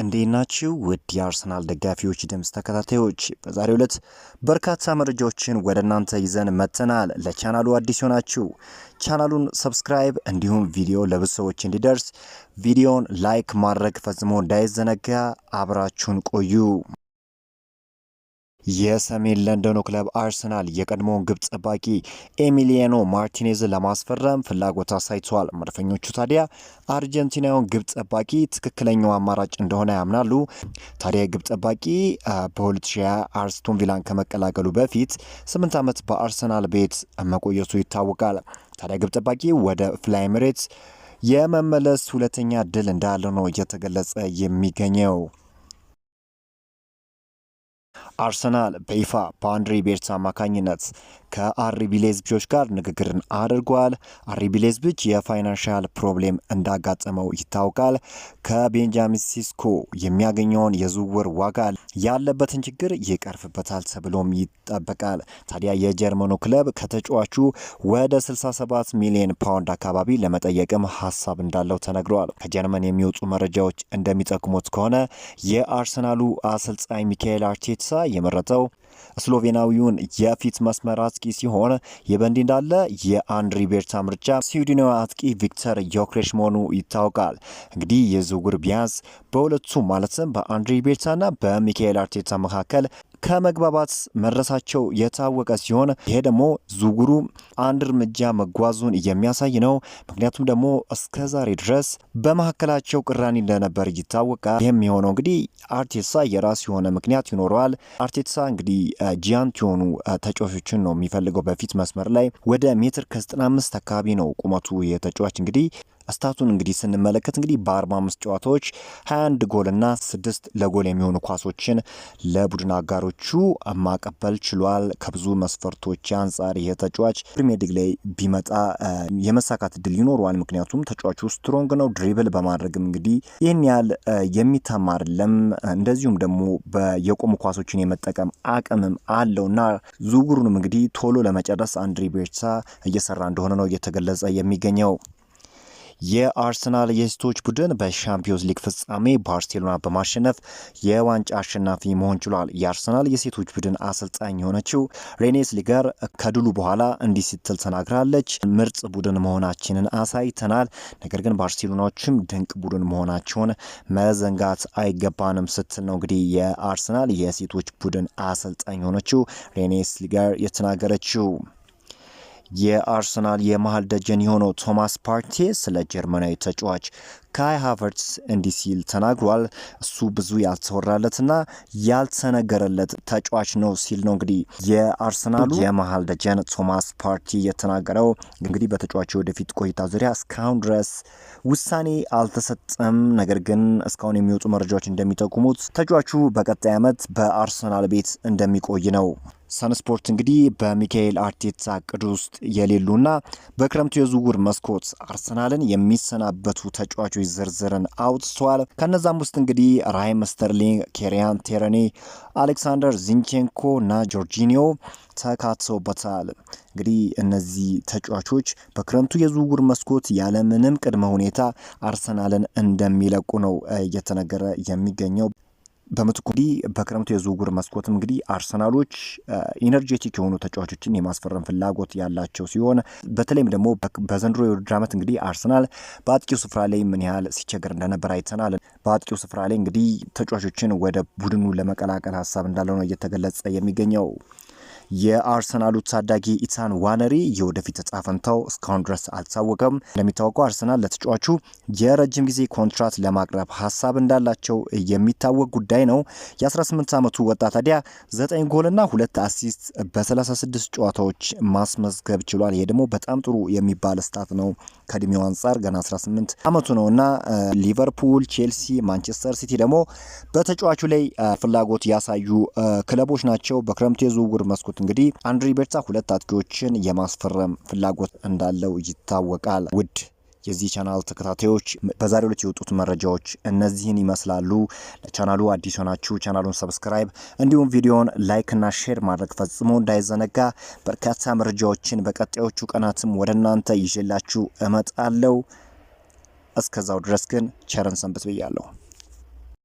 እንዴት ናችሁ ውድ የአርሰናል ደጋፊዎች ድምፅ ተከታታዮች፣ በዛሬው ዕለት በርካታ መረጃዎችን ወደ እናንተ ይዘን መጥተናል። ለቻናሉ አዲስ ሆናችሁ ቻናሉን ሰብስክራይብ እንዲሁም ቪዲዮ ለብዙ ሰዎች እንዲደርስ ቪዲዮን ላይክ ማድረግ ፈጽሞ እንዳይዘነጋ። አብራችሁን ቆዩ። የሰሜን ለንደኑ ክለብ አርሰናል የቀድሞውን ግብ ጠባቂ ኤሚሊያኖ ማርቲኔዝን ለማስፈረም ፍላጎት አሳይተዋል። መድፈኞቹ ታዲያ አርጀንቲናውን ግብ ጠባቂ ትክክለኛው አማራጭ እንደሆነ ያምናሉ። ታዲያ የግብ ጠባቂ በ2020 አስቶን ቪላን ከመቀላቀሉ በፊት ስምንት ዓመት በአርሰናል ቤት መቆየቱ ይታወቃል። ታዲያ ግብ ጠባቂ ወደ ፍላይ ኤሚሬትስ የመመለስ ሁለተኛ እድል እንዳለ ነው እየተገለጸ የሚገኘው። አርሰናል በይፋ በአንድሪ ቤርትስ አማካኝነት ከአርቢ ሌዝቢዎች ጋር ንግግርን አድርጓል። አርቢ ሌዝቢች የፋይናንሻል ፕሮብሌም እንዳጋጠመው ይታወቃል። ከቤንጃሚን ሲስኮ የሚያገኘውን የዝውውር ዋጋ ያለበትን ችግር ይቀርፍበታል ተብሎም ይጠበቃል። ታዲያ የጀርመኑ ክለብ ከተጫዋቹ ወደ 67 ሚሊዮን ፓውንድ አካባቢ ለመጠየቅም ሀሳብ እንዳለው ተነግሯል። ከጀርመን የሚወጡ መረጃዎች እንደሚጠቁሙት ከሆነ የአርሰናሉ አሰልጣኝ ሚካኤል አርቴታ የመረጠው ስሎቬናዊውን የፊት መስመር አጥቂ ሲሆን ይህ በእንዲህ እንዳለ የአንድሪ ቤርታ ምርጫ ስዊድናዊ አጥቂ ቪክተር ዮክሬሽ መሆኑ ይታወቃል። እንግዲህ የዝውውር ቢያንስ በሁለቱ ማለትም በአንድሪ ቤርታና በሚካኤል አርቴታ መካከል ከመግባባት መድረሳቸው የታወቀ ሲሆን ይሄ ደግሞ ዝውውሩ አንድ እርምጃ መጓዙን የሚያሳይ ነው። ምክንያቱም ደግሞ እስከ ዛሬ ድረስ በመካከላቸው ቅራኔ እንደነበር ይታወቃል። ይህም የሆነው እንግዲህ አርቴሳ የራሱ የሆነ ምክንያት ይኖረዋል። አርቴሳ እንግዲህ ጂያንት የሆኑ ተጫዋቾችን ነው የሚፈልገው በፊት መስመር ላይ ወደ ሜትር ከ95 አካባቢ ነው ቁመቱ የተጫዋች እንግዲህ ስታቱን እንግዲህ ስንመለከት እንግዲህ በ45 ጨዋታዎች 21 ጎልና 6 ለጎል የሚሆኑ ኳሶችን ለቡድን አጋሮቹ ማቀበል ችሏል። ከብዙ መስፈርቶች አንጻር ይሄ ተጫዋች ፕሪሚየር ሊግ ላይ ቢመጣ የመሳካት እድል ይኖረዋል። ምክንያቱም ተጫዋቹ ስትሮንግ ነው። ድሪብል በማድረግም እንግዲህ ይህን ያህል የሚታማ አይደለም። እንደዚሁም ደግሞ የቆሙ ኳሶችን የመጠቀም አቅምም አለውና ዝውውሩንም እንግዲህ ቶሎ ለመጨረስ አንድሪ ቤርሳ እየሰራ እንደሆነ ነው እየተገለጸ የሚገኘው። የአርሰናል የሴቶች ቡድን በሻምፒዮንስ ሊግ ፍጻሜ ባርሴሎና በማሸነፍ የዋንጫ አሸናፊ መሆን ችሏል። የአርሰናል የሴቶች ቡድን አሰልጣኝ የሆነችው ሬኔስ ሊገር ከድሉ በኋላ እንዲህ ስትል ተናግራለች። ምርጥ ቡድን መሆናችንን አሳይተናል፣ ነገር ግን ባርሴሎናዎችም ድንቅ ቡድን መሆናቸውን መዘንጋት አይገባንም ስትል ነው እንግዲህ የአርሰናል የሴቶች ቡድን አሰልጣኝ የሆነችው ሬኔስ ሊገር የተናገረችው። የአርሰናል የመሃል ደጀን የሆነው ቶማስ ፓርቲ ስለ ጀርመናዊ ተጫዋች ካይ ሃቨርትስ እንዲህ ሲል ተናግሯል። እሱ ብዙ ያልተወራለትና ያልተነገረለት ተጫዋች ነው ሲል ነው እንግዲህ የአርሰናሉ የመሃል ደጀን ቶማስ ፓርቲ የተናገረው። እንግዲህ በተጫዋቹ ወደፊት ቆይታ ዙሪያ እስካሁን ድረስ ውሳኔ አልተሰጠም። ነገር ግን እስካሁን የሚወጡ መረጃዎች እንደሚጠቁሙት ተጫዋቹ በቀጣይ ዓመት በአርሰናል ቤት እንደሚቆይ ነው። ሰንስፖርት እንግዲህ በሚካኤል አርቴታ እቅድ ውስጥ የሌሉና በክረምቱ የዝውውር መስኮት አርሰናልን የሚሰናበቱ ተጫዋቾች ዝርዝርን አውጥተዋል። ከነዛም ውስጥ እንግዲህ ራይም ስተርሊንግ፣ ኬሪያን ቴረኒ፣ አሌክሳንደር ዚንቼንኮ እና ጆርጂኒዮ ተካተውበታል። እንግዲህ እነዚህ ተጫዋቾች በክረምቱ የዝውውር መስኮት ያለምንም ቅድመ ሁኔታ አርሰናልን እንደሚለቁ ነው እየተነገረ የሚገኘው። በምትኩ እንግዲህ በክረምቱ የዝውውር መስኮትም እንግዲህ አርሰናሎች ኢነርጄቲክ የሆኑ ተጫዋቾችን የማስፈረም ፍላጎት ያላቸው ሲሆን በተለይም ደግሞ በዘንድሮ የውድድር ዓመት እንግዲህ አርሰናል በአጥቂው ስፍራ ላይ ምን ያህል ሲቸገር እንደነበር አይተናል። በአጥቂው ስፍራ ላይ እንግዲህ ተጫዋቾችን ወደ ቡድኑ ለመቀላቀል ሀሳብ እንዳለው ነው እየተገለጸ የሚገኘው። የአርሰናሉ ታዳጊ ኢታን ዋነሪ የወደፊት እጣ ፈንታው እስካሁን ድረስ አልታወቀም። እንደሚታወቀው አርሰናል ለተጫዋቹ የረጅም ጊዜ ኮንትራት ለማቅረብ ሀሳብ እንዳላቸው የሚታወቅ ጉዳይ ነው። የ18 ዓመቱ ወጣት ታዲያ 9 ጎልና ሁለት አሲስት በ36 ጨዋታዎች ማስመዝገብ ችሏል። ይሄ ደግሞ በጣም ጥሩ የሚባል ስታት ነው። ከእድሜው አንጻር ገና 18 ዓመቱ ነው እና ሊቨርፑል፣ ቼልሲ፣ ማንቸስተር ሲቲ ደግሞ በተጫዋቹ ላይ ፍላጎት ያሳዩ ክለቦች ናቸው። በክረምቱ የዝውውር መስኮት እንግዲህ አንድሪ ቤርታ ሁለት አጥቂዎችን የማስፈረም ፍላጎት እንዳለው ይታወቃል። ውድ የዚህ ቻናል ተከታታዮች በዛሬው ዕለት የወጡት መረጃዎች እነዚህን ይመስላሉ። ለቻናሉ አዲስ ሆናችሁ ቻናሉን ሰብስክራይብ እንዲሁም ቪዲዮን ላይክና ሼር ማድረግ ፈጽሞ እንዳይዘነጋ። በርካታ መረጃዎችን በቀጣዮቹ ቀናትም ወደ እናንተ ይዤላችሁ እመጣለሁ። እስከዛው ድረስ ግን ቸረን ሰንብት ብያለሁ።